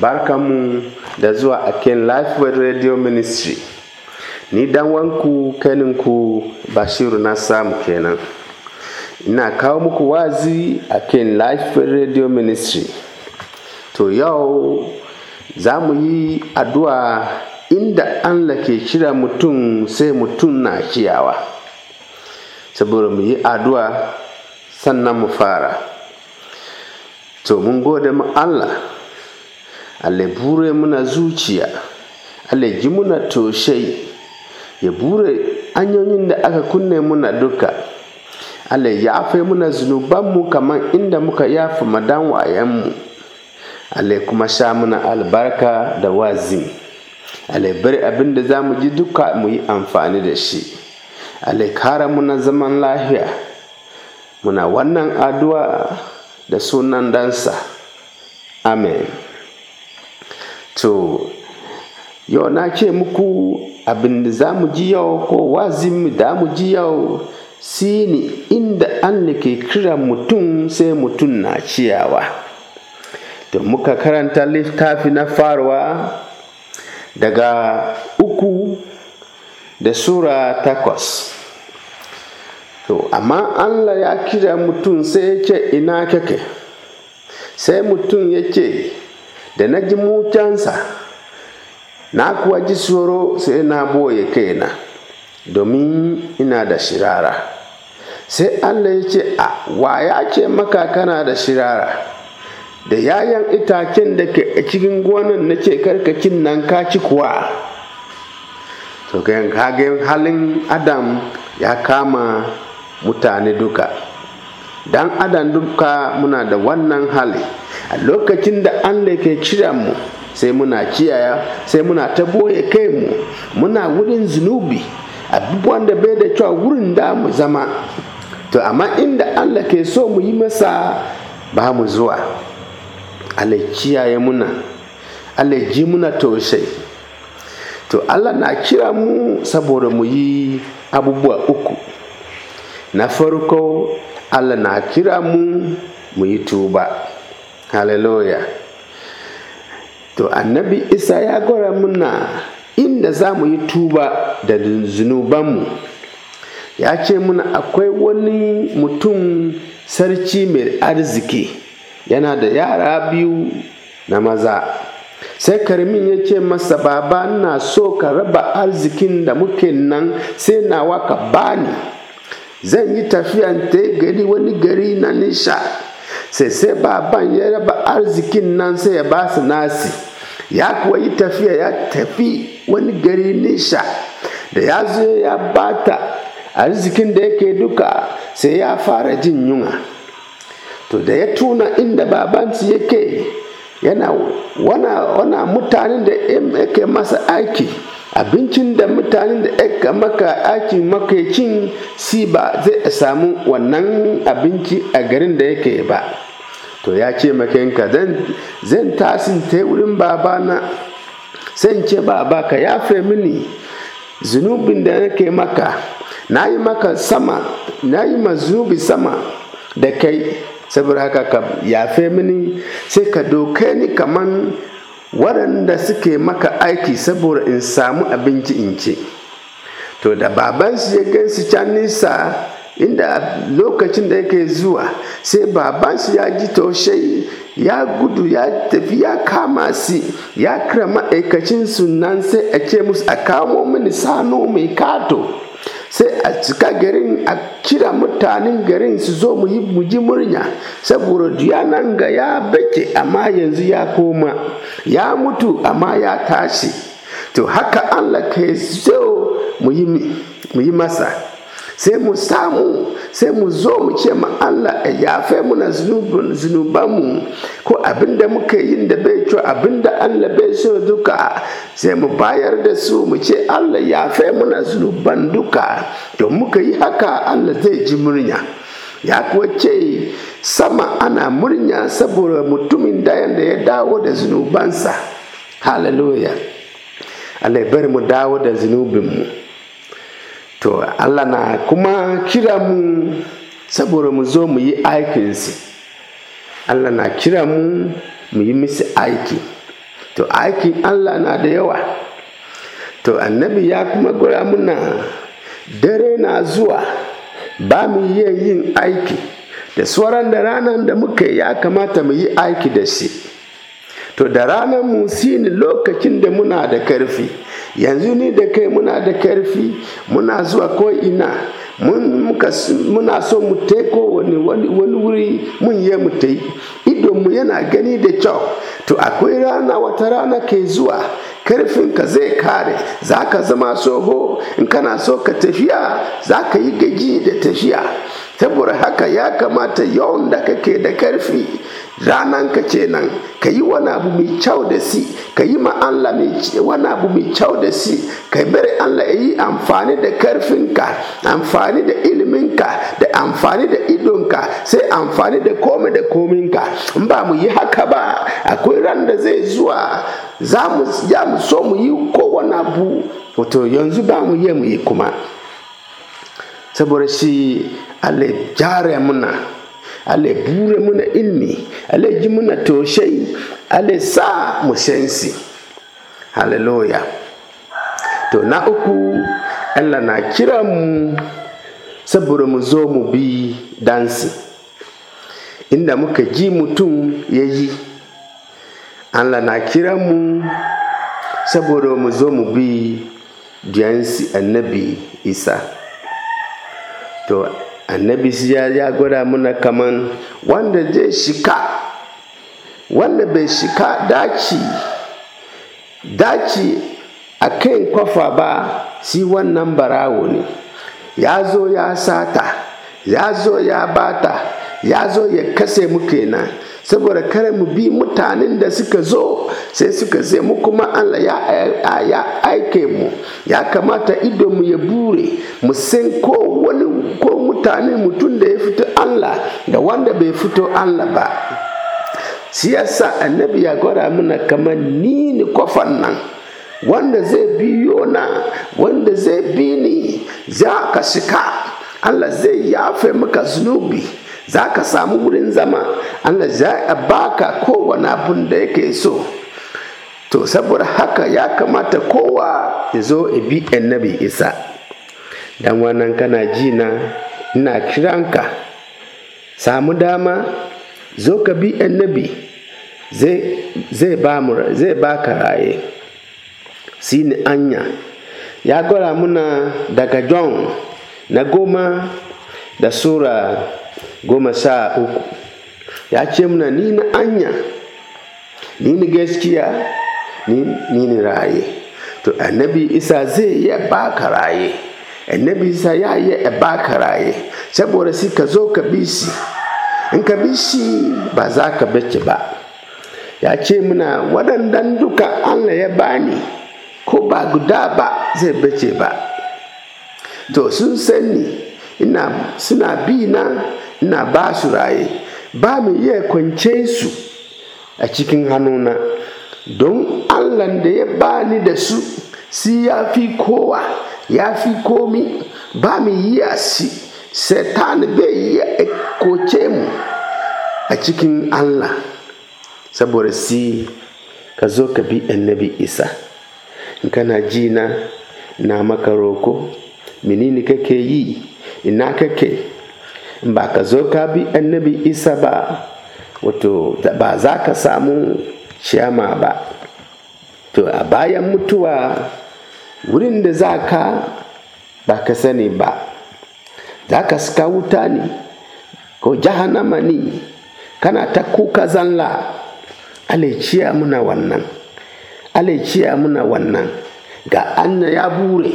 Barkanmu da zuwa a kan Lifeway Radio Ministry, ni dan wanku kaninku Bashiru na samu kenan. Ina kawo muku wazi a kan Lifeway Radio Ministry. To yau za mu yi addu'a inda Allah ke kira mutum sai mutum na kiyawa. Saboda mu yi addu'a sannan mu fara. To mun gode mu Allah. Allah bure muna zuciya Allah ji muna toshai ya bure hanyoyin da aka kunne muna duka Allah ya fai muna zunubanmu kamar inda muka yafa madan wayanmu Allah kuma sha muna albarka da wazin Allah bari abin da za mu ji duka mu yi amfani da shi Allah kara muna zaman lafiya muna wannan addu'a da sunan dansa amen To, yau na ce muku abin da za mu ji yau ko wazin da mu ji yau si ne inda an ke kira mutum sai mutum na ciyawa. To muka karanta littafi na faruwa daga uku da Sura takwas. To, amma Allah ya kira mutum sai ya ce ina kake, sai mutum ya ce, da na ji mutansa na kuwa ji tsoro sai na boye na domin ina da shirara sai allah ya ce a wa ya ce maka kana da shirara da yayan itacen da ke cikin gonan na ce karkacin nan ka ci kuwa to kagen halin adam ya kama mutane duka dan adam duka muna da wannan hali a lokacin da Allah ke cira mu sai muna kiyaya sai muna ta boye kai mu muna wurin zunubi abubuwan da bai da kyau wurin da mu zama to amma inda Allah ke so mu yi masa ba mu zuwa Allah kiyaye muna Allah ji muna tausayi to Allah na kira mu saboda mu yi abubuwa uku na farko Allah na kira mu mu yi tuba hallelujah to annabi isa ya gwara muna inda za mu yi tuba da zunubanmu ya ce muna akwai wani mutum sarki mai arziki yana da yara biyu na maza sai karmin ya ce masa baba na so ka raba arzikin da muke nan sai nawa ka bani zan yi tafiya ta gari wani gari na nisha sai sai baban ya raba arzikin nan sai ya ba su nasi ya kuwa yi tafiya ya tafi wani gari nisha da ya zo ya bata arzikin da yake duka sai ya fara jin yunwa to da ya tuna inda babansu yake yana wana, wana mutanen da yake masa aiki abincin da mutanen da yake maka aiki makaicin si ba zai samu wannan abinci a garin da yake ba to ya ce makanka zan tasin ta wurin babana sai ce baba ka yafe mini zunubin da nake maka na yi maka sama na yi zunubi sama da kai saboda haka ka yafe mini sai ka doka ni kaman waɗanda suke maka aiki saboda in samu abinci in ce to da babansu ya gansu can nisa inda lokacin da yake zuwa sai babansu ya ji taushe ya gudu ya tafi ya kama si ya kira ma'aikacin sunan sai a ce musu a kamo mini sano mai kato sai a cika garin a kira mutanen garin su zo mu ji murya saboda nan ga ya bake amma yanzu ya koma ya mutu amma ya tashi to haka allah ka zo mu yi masa sai mu samu sai mu zo mu ce ma Allah ya eh, yafe muna zunubanmu ko abin da muka yin da bai kyau abin da Allah bai so duka sai mu bayar da su mu ce Allah yafe muna zunuban duka to muka yi haka Allah zai ji murya ya kuwa ce sama ana murya saboda mutumin dayan da ya dawo da zunubansa hallelujah Allah bari mu dawo da zunubinmu to allah na kuma kira mu saboda mu zo mu yi aikinsa allah na kira mu mu yi misi aiki to aikin allah na da yawa to annabi ya kuma gura muna dare na zuwa ba mu iya yin aiki da tsoron da ranar da muka ya kamata mu yi aiki da shi to da ranar mu sini lokacin da muna da karfi yanzu ni da kai muna da karfi muna zuwa ko ina muna so mu teko wani wuri mun yi mu ta yi mu yana gani da kyau to akwai rana wata rana ke zuwa ka zai kare za ka zama soho in kana so ka tafiya za ka yi gaji da tafiya saboda haka ya kamata yawan da kake da karfi ranan ka ce nan ka yi wani abu mai kyau da si ka yi ma Allah wani abu mai kyau da si ka bari Allah ya amfani da karfinka amfani da iliminka da amfani da idonka sai amfani da komai da kominka in ba mu yi haka ba akwai ran da zai zuwa za mu so mu yi kowane abu wato yanzu ba mu yi mu yi kuma saboda shi Ale jare muna ale bure muna ilmi ale ji muna toshai sa mu shensi hallelujah to na uku Allah na kira mu saboda mu zo mu bi dansi inda muka ji mutum ya yi Allah na kira mu saboda mu zo mu bi duyansi annabi isa to annabi siya ya gwada muna kaman wanda zai shika wanda bai shika daci daci a kan kwafa ba si wannan barawo ne ya zo ya sata ya zo ya bata ya zo ya kase mu kenan saboda kare mu bi mutanen da suka zo sai suka sai mu kuma Allah ya aike mu ya kamata ido mu ya bure mu san ko wani ko mutane mutum da ya fito Allah da wanda bai fito Allah ba siyasa annabi ya gwada mana kamar ni ni kofan nan wanda zai biyo na wanda zai bi ni za ka shika Allah zai yafe maka zunubi za ka samu wurin zama Allah za a baka kowane abin da yake so to saboda haka ya kamata kowa ya zo ya bi annabi isa dan wannan kana ji na ina kiranka samu dama zo ka bi annabi zai ba zai ba ka raye Sini anya ya gwara muna daga john na goma da sura goma sha uku ya ce muna ni na anya ni na gaskiya ni ni raye to annabi isa zai yi baka raye annabi isa ya yi baka raye saboda si ka zo ka bi shi in ka bi shi ba za ka bace ba ya ce muna waɗannan duka allah ya bani ko ba guda ba zai bace ba to sun sani ina suna bi na ina ba su raye ba mu iya kwance su a cikin hannuna don allah da ya bani da su si ya fi kowa ya fi komi ba mu iya si satan bai iya koce mu a cikin allah saboda si ka zo ka bi annabi isa in kana ji na na maka roko menene kake yi ina kake ba ka zo ka bi annabi isa ba wato ba za ka samu ciyama ba to a bayan mutuwa wurin da za ka ba ka sani ba za ka suka wuta ne ko jahannama ne kana ta kuka zanla alaiciya muna wannan alaiciya muna wannan ga anya ya bure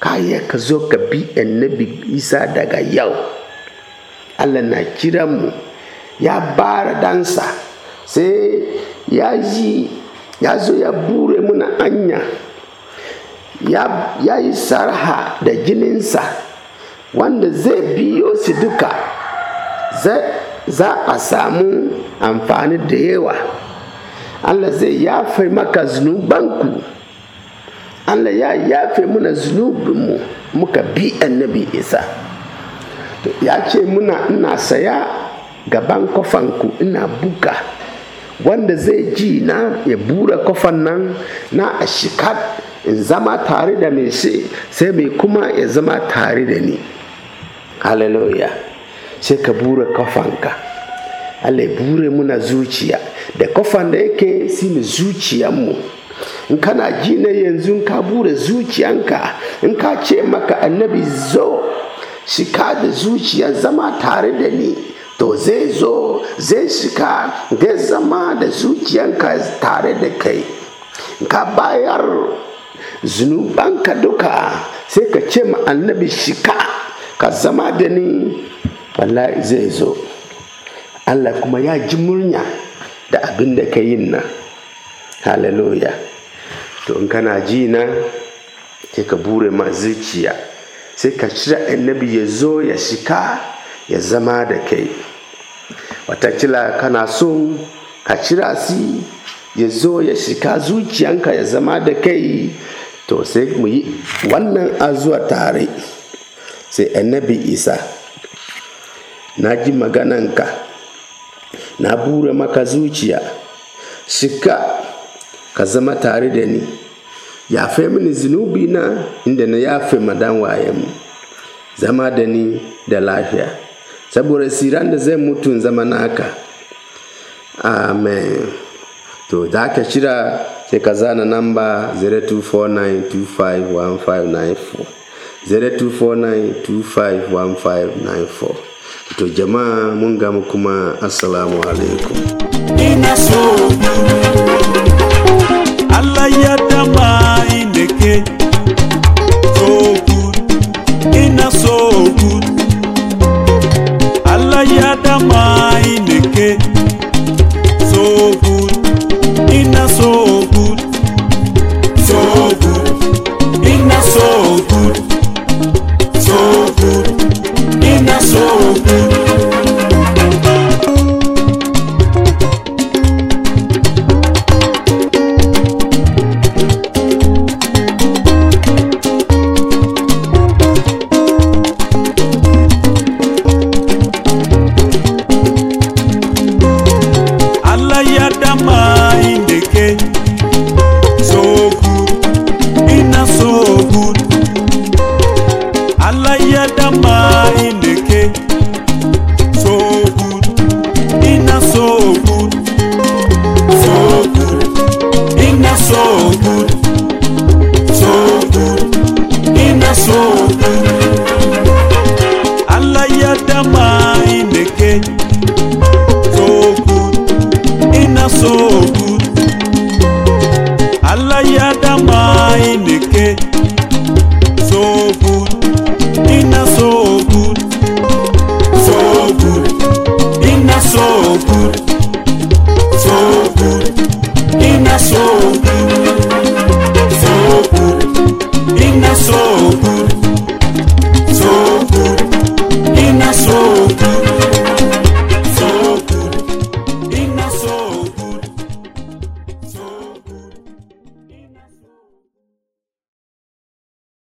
ka ka zo ka bi annabi isa daga yau allah na kiranmu ya bara dansa sai ya ji ya zo ya bure muna anya ya yi sarha da jininsa wanda zai biyo su duka za a samu amfani da yawa allah zai yafe maka zunubanku allah ya yafe muna zunubinmu muka bi annabi isa ya ce muna ina saya gaban kofanku ina buga wanda zai ji na ya bura kofan nan na a shikar in zama tare da mai shi sai mai kuma ya zama tare da ni hallelujah sai ka bura kofanka Allah ya bure muna zuciya da kofan da yake zuciya mu in kana ji na yanzu ka bure zuciyanka in ka ce maka annabi zo shika da zuciya zama tare da ni to zai zo zai shika ga zama da zuciyanka tare da kai ka bayar zunubanka duka sai ka ce ma annabi shika ka zama da ni wallahi zai zo allah kuma ya ji murya da abin da ka yin nan hallelujah to in kana ji na sai ka bure ma zuciya sai ka shirya annabi ya zo ya shika ya zama da kai watakila kana son ka cira si ya zo ya shika zuciyanka ya zama da kai to sai mu yi wannan azuwa tare sai annabi isa na ji magananka na bura maka zuciya shika ka zama tare da ni yafe mini zunubi na inda na yafe madan wayenmu zama da ni da lafiya saboda siran da zai mutu zama naka amen to za ka shira sai ka zana namba 0249251594 0249251594 to jama'a mun gamu kuma assalamu alaikum ina so Allah ya dama ineke